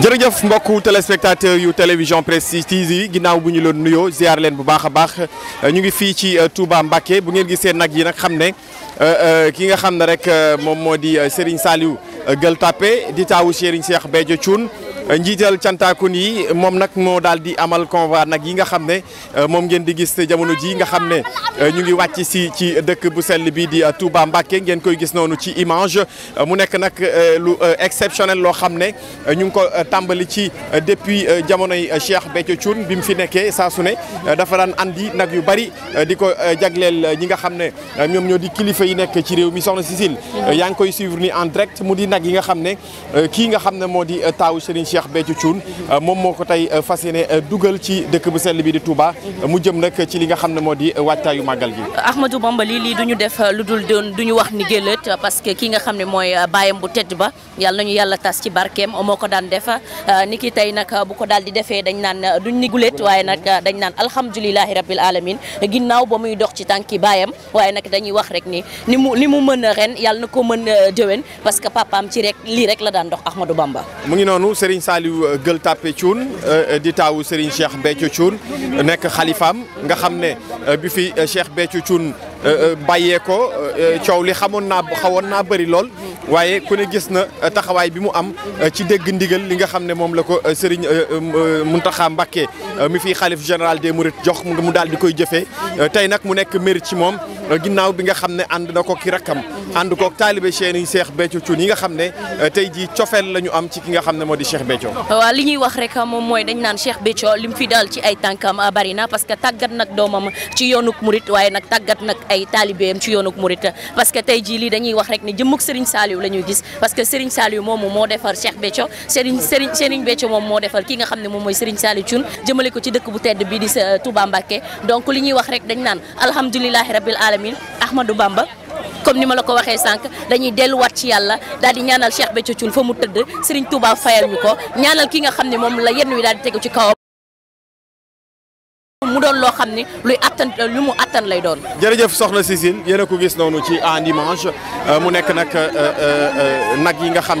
jërëjëf mbokku téléspectateur yu télévision Prestige yi ginnaaw bu ñu loon nuyoo ziar leen bu baax a baax euh, ñu ngi fii ci euh, Touba Mbacké bu ngeen gisee nag yi nag xam ne euh, ki nga xam ne rek moom moo di Serigne Saliou Gueule Tapée di taawu Serigne Cheikh Béthio Thioune njiital cantaakun kuni moom nag moo daal di amal convoi nak yi nga xamne euh, mom ngeen di gis jamono ji nga xamne euh, ñu ngi wacc ci dëkk bu sel bi di euh, Touba Mbacké ngeen koy gis nonu ci image mu nek nak lu exceptionnel lo xamne ñu ko tambali ci depuis jamono Cheikh Béthio Thioune bi fi nekké sa suné dafa daan andi nak yu bari diko jaglel jagleel ñi nga xamne ñom ñoo di kilifa yi nekk ci rew mi soxna Cécile yang koy suivre ni en direct mu di yi nga xamne ki nga xamne modi taw Cheikh Béthio Thioune euh, moom moo ko tey euh, fas yéene euh, dugal ci dëkk bu sell bi di Touba mu jëm nag ci li nga xam ne moo di waajtaayu màggal gi Ahmadou Bamba lii lii duñu ñu def lu dul doon du ñu wax ni gëlët parce que ki nga xam ne mooy baayam bu tedd ba yàlla nañu yàlla tas ci barkeem moo ko daan def ni ki tey nag bu ko daal di defee dañ naan duñ ni gulet waaye nag dañ naan alhamdulilahi rabbil alamin ginnaaw ba muy dox ci tànki baayam waaye nag dañuy wax rek ni ni mu ni mu mën ren yàlla na ko mën déwén parce que papaam ci rek lii rek la daan dox Ahmadou Bamba mu ngi saali Saliou euh, Gueule Tapée euh, di taawu Serigne Cheikh Béthio Thioune nekk xalifaam nga xam ne euh, bi fi Cheikh Béthio Thioune bàyyee ko coow li xamoon naa xawoon naa bëri lool. waye ku ne gis na taxaway bi mu am ci dégg ndigal li nga xamne mom moom la ko Serigne Mountakha Mbacké mi fi khalife général des Mourides jox mu dal di koy jëfee tey nag mu nek mairie ci mom ginnaw bi nga xamne ànd na ko ki rakam ànd ko talibé Cheikh Cheikh Béthio Thioune yi nga xamne tay ji ciofel lañu am ci ki nga xamne modi Cheikh Béthio wa li ñuy wax rek mom moy dañ nan Cheikh Béthio lim fi dal ci ay tànkam bari na parce que tagat nak domam ci yonuk Mouride waye nak tagat nak ay talibé ci yonuk Mouride parce que tay ji li dañuy wax rek ni jëmuk Serigne Saliou Saliou la ñuy gis parce que Serigne Saliou moomu moo defar Cheikh Béthio Serigne Serigne Serigne Béthio moom moo defar ki nga xam ne moom mooy Serigne Saliou Thioune jëmale ko ci dëkk bu tedd bi di euh, Touba Mbacké donc li ñuy wax rek dañ naan alhamdulilahi rabbil alamin Ahmadou Bamba comme ni ma la ko waxee sànq dañuy delluwaat ci yàlla daal di ñaanal Cheikh Béthio Thioune fa mu tëdd Serigne Touba fayal ñu ko ñaanal ki nga xam ne moom la yenn wi daal di tegu ci kawam moom mu doon loo xam luy attan lu mu attan lay doon. jërëjëf soxna Cissine yéen a ko gis noonu ci en dimanche euh, mu nekk nak euh, euh, nak yi nga xam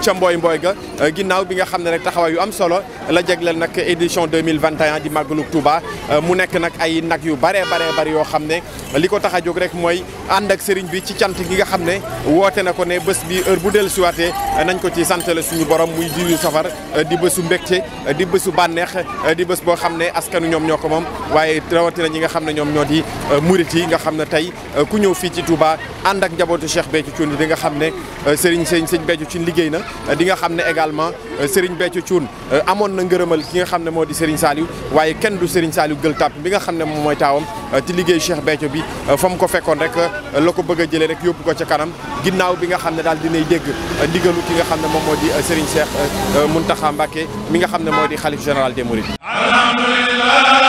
ca mbooy mbooy ga euh, ginnaaw bi nga xam ne rek taxawaay yu am solo la jagleel nag édition 2021 di màggalug Touba euh, mu nekk nag ay nag yu baree baree bari yoo xam ne li ko tax a jóg rek mooy ànd ak sëriñ bi ci cant gi nga xam ne woote na ko ne bés bi heure bu dellu siwaatee nañ ko ci santale suñu borom muy jiwu safar euh, di bésu mbégte di bésu bànneex di bés boo xam ne askanu ñoom ñoo ko moom waaye rawatina ñi nga xam ne ñoom ñoo di murit yi nga xam ne tey ku ñëw fii ci Touba ànd ak njabootu Cheikh Béthio Thioune di nga xam ne euh, Serigne Serigne Serigne Béthio ci liggéey na di nga xam ne également euh, Serigne Béthio Thioune euh, amoon na ngërëmal ki nga xam ne moo di Serigne Saliou waaye kenn du Serigne Saliou Gueule Tapée bi nga xam ne moom mooy taawam ci liggéey Cheikh Béthio bi fa mu ko fekkoon rek la ko bëgg a jëlee rek yóbbu ko ca kanam ginnaaw bi nga xam ne daal dinay dégg ndigalu ki nga xam ne moom moo di Serigne mun Mountakha Mbacké mi nga xam ne moo di xalif général des Mourides alhamdulillah